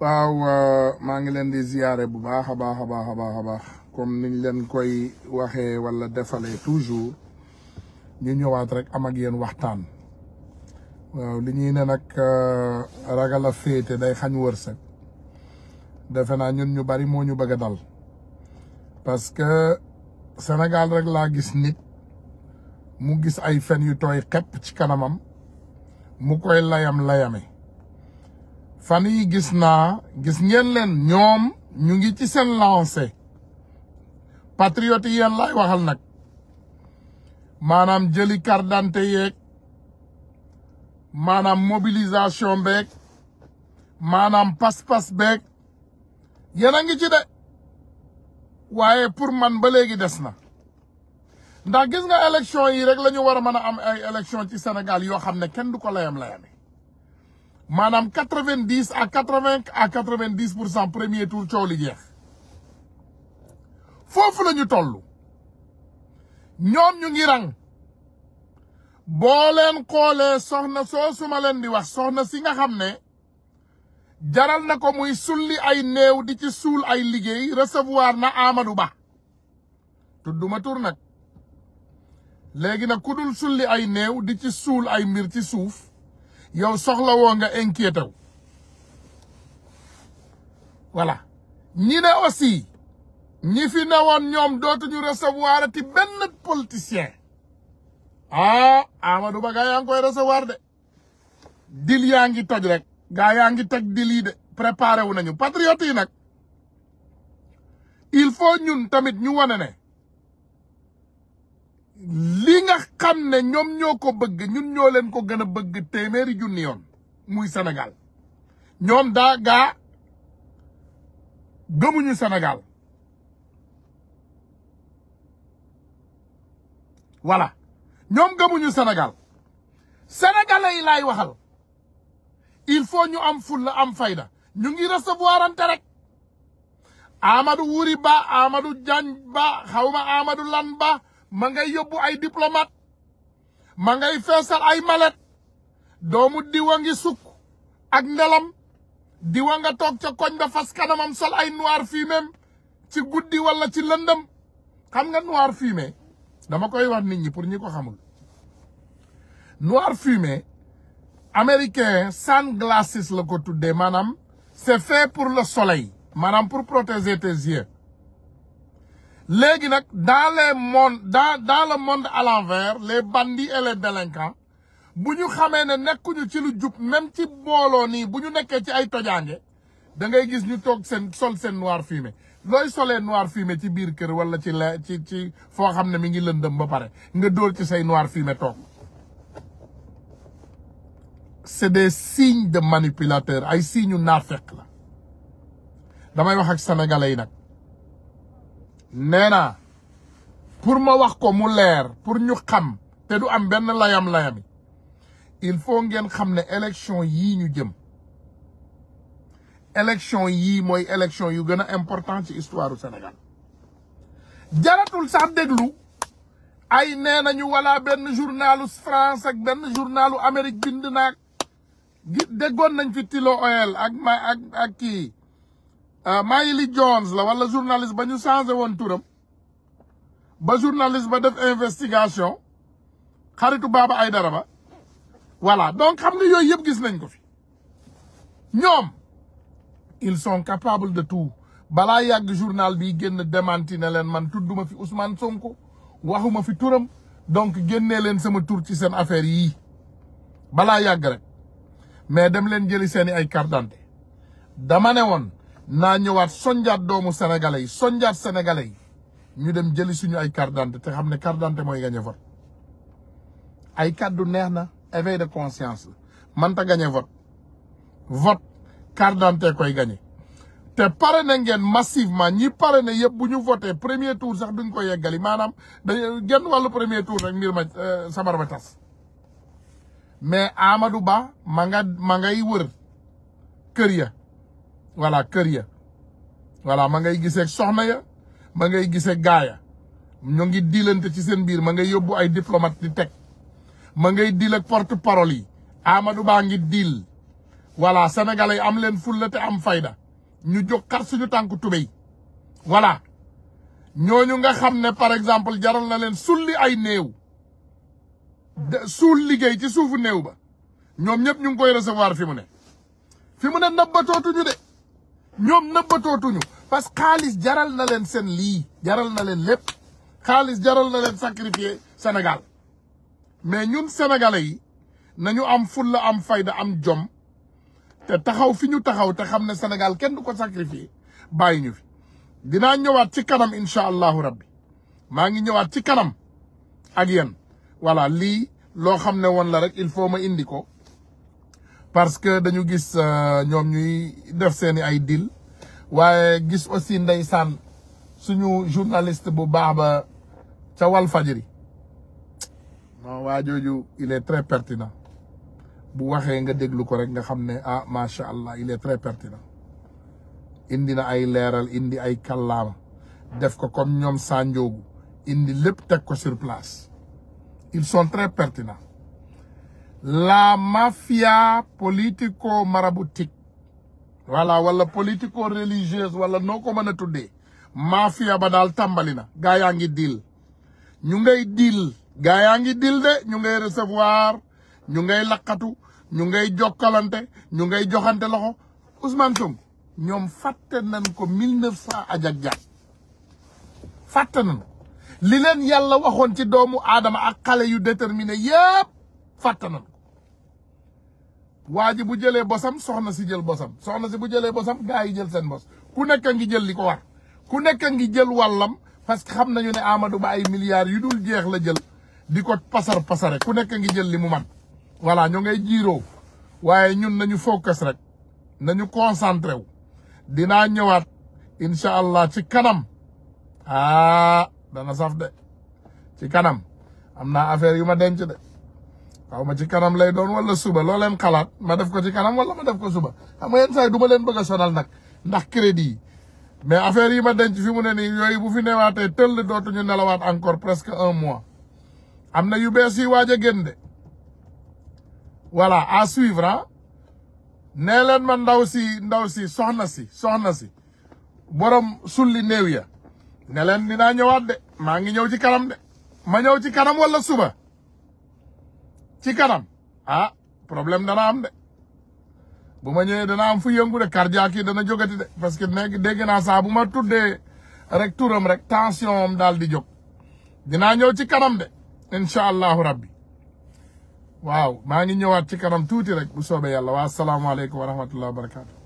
waaw euh, maa ngi leen di ziyaare bu baax a baax a baax a baax baax comme niñ leen koy waxee wala defalee toujours ñu ñëwaat rek am ak yéen waxtaan waaw li ñuy ne nag euh, ragal a féete day xañ wërsëg defe naa ñun ñu bari moo ñu bëgg a dal parce que Sénégal rek laa gis nit mu gis ay fen yu tooy xepp ci kanamam mu koy layam layame fan yi gis naa gis ngeen leen ñoom ñu ngi ci seen lancé patriotes yi yéen laay waxal nag maanaam jëli carte d'identité yeeg maanaam mobilisation beeg maanaam pas-pas beek yéen a ngi ci de waaye pour man ba léegi des na ndax gis nga élection yi rek la ñu war a mën a am ay élection ci senegal yoo xam ne kenn du ko layam layame maanaam quatre vingt dix à quatre vingt à quatre pour cent premier tour coow li jeex foofu lañu ñu toll ñoom ñu ngi rang boo leen xoolee soxna soo suma leen di wax soxna si nga xam ne jaral na ko muy sulli ay néew di ci suul ay liggéey recevoir na Amadou Ba tudduma tur nag léegi nag ku dul sulli ay néew di ci suul ay mbir ci suuf yow soxla woo nga inquiété wu voilà ñi ne aussi ñi fi newoon ñoom dootuñu recevoir ti benn politicien ah Amadou Ba gaa yaa ngi koy recevoir de dil yaa ngi toj rek gaa yaa ngi teg dil yi de préparé wu nañu patriote yi nag il faut ñun tamit ñu wane ne li nga xam ne ñoom ñoo ko bëgg ñun ñoo leen ko gën a bëgg téeméeri junni yoon muy Sénégal ñoom daa gëmuñu Sénégal voilà ñoom gëmuñu senegal sénégalais yi lay waxal il faut ñu am fulla am fayda ñu ngi recevoir ante rek Amadou Wuri Ba Amadou Diagne Ba xawma Amadou Lan Ba ma nga yóbbu ay diplomate ma ngay feesal ay malet doomu diwa ngi sukk ak ndelam diwa nga toog ca koñ ba fas kanamam sol ay noir fumé ci guddi wala ci lëndëm xam nga noir fumé dama koy wax nit ñi pour ñi ko xamul noir fumé américain sunglasses la ko tuddee maanaam c'est fait pour le soleil maanaam pour protéger tes yeux léegi nag dans les monde dans dans le à l'envers les bandits et les délinquants bu ñu xamee ne nekkuñu ci lu jub même ci mbooloo nii bu ñu nekkee ci ay tojaange da ngay gis ñu toog seen sol seen noir fumé looy solee noir fumé ci biir kër wala ci la ci ci foo xam ne mi ngi lëndëm ba pare nga dóor ci say noir fumé toog c'est des signes de manipulateurs ay naar naafeq la damay wax ak sénégalais yi nag neena naa pour ma wax ko mu leer pour ñu xam te du am benn layam-layami il faut ngeen xam ne élection yii ñu jëm élection yii mooy élection yu gën a important ci histoire du Sénégal jaratul sax déglu ay nee nañu wala benn journalu France ak benn journalu Amérique bind naag déggoon nañ fi Tilo Oil ak ma ak kii Euh, Maïli Jones la wala journaliste ba ñu changé woon turam ba journaliste ba def investigation xaritu ay dara ba voilà donc xam nga yooyu yëpp gis nañ ko fi ñoom ils sont capables de tout balaa yàgg journal bi génn démenti ne leen man tudduma fi Ousmane Sonko waxuma fi turam donc génnee leen sama tur ci seen affaire yii balaa yàgg rek mais dem leen jëli seeni ay carte d'identité dama ne woon naa ñëwaat sonjaat doomu sénégalais yi sonjaat sénégalais yi ñu dem jëli suñu ay carte d'identité te xam ne carte d'identité mooy gagné vote ay kàddu neex na éveil de conscience manta mënta gagné vote vote carte koy gagné te pare na ngeen massivement ñi pare na yëpp bu ñu voté premier tour sax duñ ko yeggali maanaam dañu genn wàllu premier tour rek mbir ma euh, sabar ba tas mais Amadou Ba ma nga ma ngay wër kër ya voilà kër ya voilà ma ngay gisee soxna ya ma ngay gisee gaaya ñoo ngi diilante ci seen biir ma ngay yóbbu ay diplomate di teg ma ngay diil porte parole yi Amadou baa ngi diil voilà sénégalais yi am leen fulla te am fayda ñu jóg xar suñu tànku tubéy voilà ñooñu nga xam ne par exemple jaral na leen sulli ay néew suul liggéey ci suufu néew ba ñoom ñëpp ñu ngi koy recevoir fi mu ne fi mu ne nëbbatootuñu de ñoom nëbbatootuñu parce que xaalis jaral na leen seen lii jaral na leen lépp xaalis jaral na leen sacrifier Sénégal mais ñun sénégalais yi nañu am fulla am fayda am jom te taxaw fi ñu taxaw te xam ne Sénégal kenn du ko sacrifier bàyyi ñu fi dinaa ñëwaat ci kanam incha allahu rabbi maa ngi ñëwaat ci kanam ak yéen voilà lii loo xam ne woon la rek il faut ma indi ko parce que dañu gis euh, ñoom ñuy def seeni ay deal waaye gis aussi ndeysaan suñu journaliste bu baax ba ca wal waa jooju il est très pertinent bu waxee nga déglu ko rek nga xam ne ah macha allah il est très pertinent indi na ay leeral indi ay kàllaama def ko comme ñoom sànjoogu indi lépp teg ko sur place ils sont très pertinents la mafia politico maraboutique voilà wala politico religieuse wala noo ko mën a tuddee mafia ba daal tàmbali na gaa yaa ngi deal ñu ngay deal gaa yaa ngi deal de ñu ngay recevoir ñu ngay laqatu ñu ngay jokkalante ñu ngay joxante loxo Ousmane Sonko ñoom fàtte nañ ko mille neuf cent ajak-jak fàtte nañ ko li yàlla waxoon ci doomu aadama ak xale yu déterminé yépp fàtte nañ waa ji bu jëlee bosam soxna si jël bosam soxna si bu jëlee bosam gaa yi jël seen bos ku nekk ngi jël li ko war ku nekk a ngi jël wàllam parce que xam nañu ne Amadou Ba ay milliards yu dul jeex la jël di ko pasar pasare ku nekk ngi jël li mu man voilà ñu ngay jiiroo waaye ñun nañu focus rek nañu concentré wu dinaa ñëwaat incha allah ci kanam ah dana saf de ci kanam am naa affaire yu ma denc de xaw ma ci kanam lay doon wala suba loo leen xalaat ma def ko ci kanam wala ma def ko suba xam nga yenn saa yi leen bëgg a sonal nag ndax crédit yi mais affaire yi ma denc fi mu ne nii yooyu bu fi newaatee tëll dootuñu nelawaat encore presque un mois am na yu bees yi waaj a génn de voilà à suivre ah nee ma ndaw si ndaw si soxna si soxna si borom sulli néew ya ne leen dinaa ñëwaat de maa ngi ñëw ci kanam de ma ñëw ci kanam wala suba ci kanam ah problème dana am de bu ma ñëwee dana am fu yëngu de cardiaque yi dana jógati de parce que nekk dégg naa saa bu ma tuddee rek turam rek tension am daal di jog dinaa ñëw ci kanam de incha allahu rabbi waaw maa ngi ñëwaat ci kanam tuuti rek bu soobee yàlla wa salaamualeykum wa rahmatullahi wa barakatu